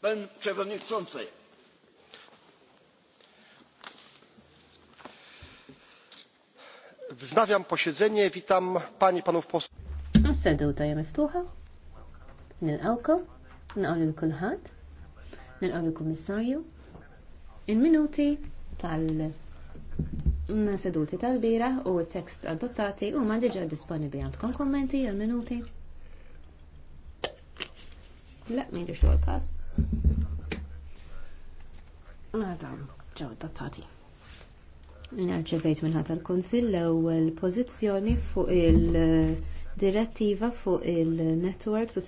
Pan Przewodniczący. Wznawiam posiedzenie. Witam Pani, Panów posłów. Seduta hija miftuħa. Nilqawkom, nilqaw lil kulħadd, nilqaw lill-Kummissarju. Il-minuti tal- seduti tal-bira u t-tekst adottati u ma diġa disponibli għandkom kommenti għal minuti. La, mi ġiġu għal-kas. Għadam, ġew datati. Nerġevejt minnħat l konsil l-ewwel pozizjoni fuq il-direttiva fuq il-networks